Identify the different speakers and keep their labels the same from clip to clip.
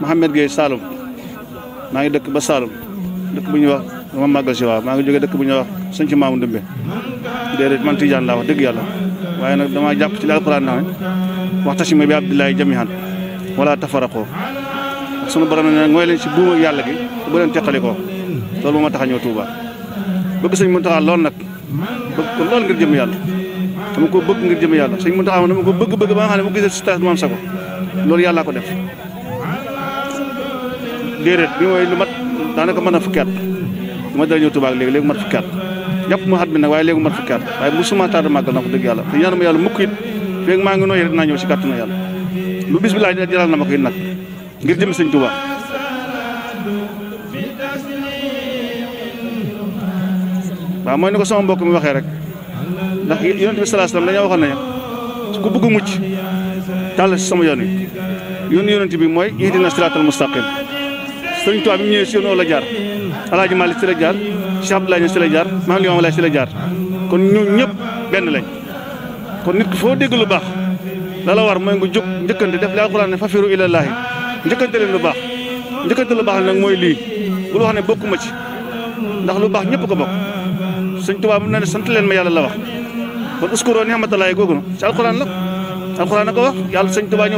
Speaker 1: Mouhamed Gueye Saloum maa ngi dëkk ba Saloum dëkk bu ñuy wax dama màggal si waaw maa ngi jóge dëkk bu ñuy wax sëñ ci maamu Ndumbe déedéet man Tijaan laa wax dëgg yàlla waaye nag dama jàpp ci li alxuraan naa waxta si ma bi Abdoulaye jamihan wala tafaraqoo sunu borom ne mooy leen si buum yàlla gi bu leen teqalikoo loolu moo tax a ñëw Touba bëgg sëñ Muntaxa loolu nag bëgg ko lool ngir jëm yàlla dama ko bëgg ngir jëm yàlla sëñ Muntaxa dama ko bëgg bëgg ba nga xam ne bu gisee si station Maam loolu yàlla ko def déedéet bi mooy lu mat daanaka man a fukki lu ma dara ñëw Tuubaa léegi léegi mat fukki at jàpp ma at bi nag waaye léegi mat fukki at waaye musuma tardé màggal na ko dëgg yàlla te ñaan ma yàlla mukk it feeg maa ngi nooy rek naa ñëw si kàttanu yàlla lu bis bi laaj jaral na ma ko it nag jëm sëñ Tuubaa waaw mooy ni ko sama mbokk mi waxee rek ndax yonent bi salaa salaam dañoo waxoon ku bëgg mucc tàll si sama yoon yi yoonu yonent bi mooy na siraatal mustaqim sëriñ Tuubaa bi mu si yoon woo la jaar alaaji Maalik si la jaar Cheikh Abdoulaye si la jaar Maam Limaamu Laay si la jaar kon ñu ñëpp benn lañ kon nit ki foo dégg lu baax la la war mooy nga jóg njëkkante def li alxuraan ne fafiru ilallaahi njëkkante leen lu baax njëkkante lu baax nag mooy lii bul wax ne bokkuma ci ndax lu baax ñëpp ko bokk sëñ Tuubaa mu ne sant leen ma yàlla la wax kon uskuroo ni'matallaahi googu na ci alxuraan la alxuraan na ko wax yàlla sëñ Tuubaa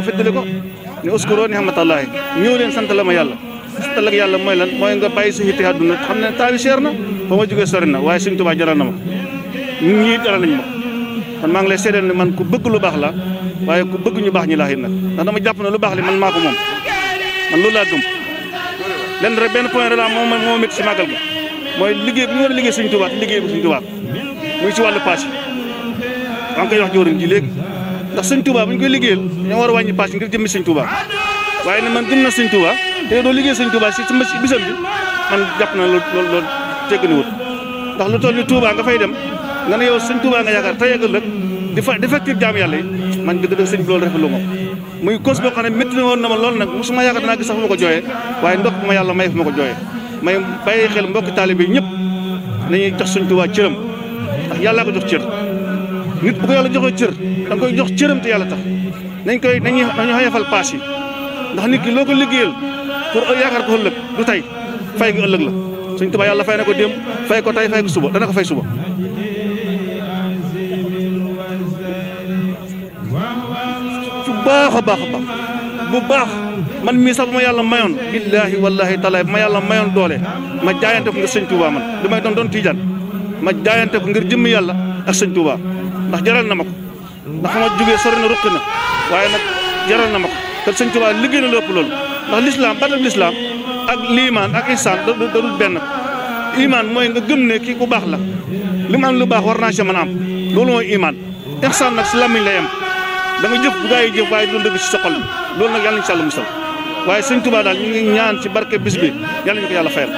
Speaker 1: sant la ma yàlla gàttal ak yàlla mooy lan mooy nga bàyyi sa yitte àdduna xam ne temps bi cher na ba ma jógee sori na waaye Sëriñ Tuubaa jaral na ma ñu ñii jaral nañ ma man maa ngi lay seedeel ne man ku bëgg lu baax la waaye ku bëgg ñu baax ñi laa it nag ndax dama jàpp na lu baax li man maa ko moom man loolu laa gëm lenn rek benn point de la moom moo métti si màggal bi mooy liggéey bi ñu war a liggéey Sëriñ Tuubaa te liggéey bi muy si wàllu paas yi maa ngi koy wax jawriñ ji léegi ndax Sëriñ Tuubaa bu ñu koy liggéeyal dañoo war a wàññi paas yi ngir jëmmi Sëriñ waaye ne man gëm na sëñ Touba te doo liggéey sëñ Touba si si bisam bi man jàpp na loolu loolu tegg ni wut ndax lu toll ni Touba nga fay dem nga ne yow sëñ Touba nga yaakaar tey ak ëllëg di fa di jaam yàlla yi man dëgg dëgg sëñ bi loolu rafetlu ma muy cause boo xam ne métti na woon na ma loolu nag mosuma yaakaar naa gis sax fu ma ko jooyee waaye ndox ma yàlla may fu ma ko jooyee may bàyyi xel mbokki taalibe yi ñëpp nañuy jox sëñ Touba cëram ndax yàllaa ko jox cër nit bu ko yàlla joxee cër da koy jox cëram yàlla tax nañ koy nañuy xayafal paas yi ndax nit ki loo ko liggéeyal pour yaakaar ko ëllëg du tey fay gi ëllëg la Sëñ Tuubaa yàlla fay na ko démb fay ko tey fay ko suba dana ko fay suba su baax a baax a baax bu baax man mii sax yàlla mayoon billaahi wallaahi talaay bu yàlla mayoon doole ma jaayante ko ngir Sëñ Tuubaa man li may doon doon tiijaan ma jaayante ko ngir jëmmi yàlla ak Sëñ Tuubaa ndax jaral na ma ko ndax ma jógee sori na ruqi na waaye nag jaral na ma ko kon sëñ Tuubaa liggéey na lépp loolu ndax lislaam ba def lislaam ak liimaan ak ihsaan da dul benn imaan mooy nga gëm ne kii ku baax la li mu am lu baax war naa ci mën a am loolu mooy imaan ihsaan nag si làmmiñ lay am da nga jëf bu gaa yi jëf waaye du dëgg si soxal loolu nag yàlla ñu si àlla musal waaye sëñ Tuubaa daal ñu ngi ñaan ci barke bis bi yàlla ñu ko yàlla fayal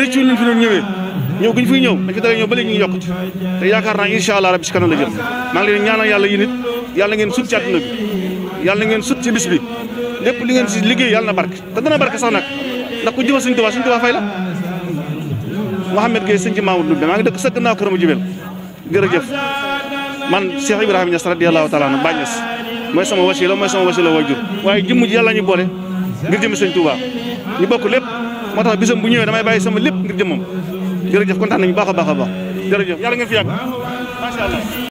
Speaker 1: rëccu ñu fi doon ñëwee ñëw gi ñu fiy ñëw dañ fi dalee ñëw ba ñu ngi yokkute te yaakaar naa incha si kanam la jëm yàlla yi yàlla ngeen sut ci yàlla na ngeen sut ci bis bi lépp li ngeen si liggéey yàlla na barke te dana barke sax nag ndax ku jëfal suñu Tuubaa suñu Tuubaa fay la Mouhamed Gueye sëñ ci Mamour Ndoumbe maa ngi dëkk sëgg naa këram jibel jëf man Cheikh Ibrahima Niass radiyallahu taala anhu Baay Ñas mooy sama wasila mooy sama wasila waajur waaye jëmm ji yàlla ñu boole ngir jëmmi sëñ Tuubaa ñu bokk lépp moo tax bisam bu ñëwee damay bàyyi sama lépp ngir jëmmam jërëjëf kontaan nañu baax a baax a baax jërëjëf yàlla ngeen fi yàgg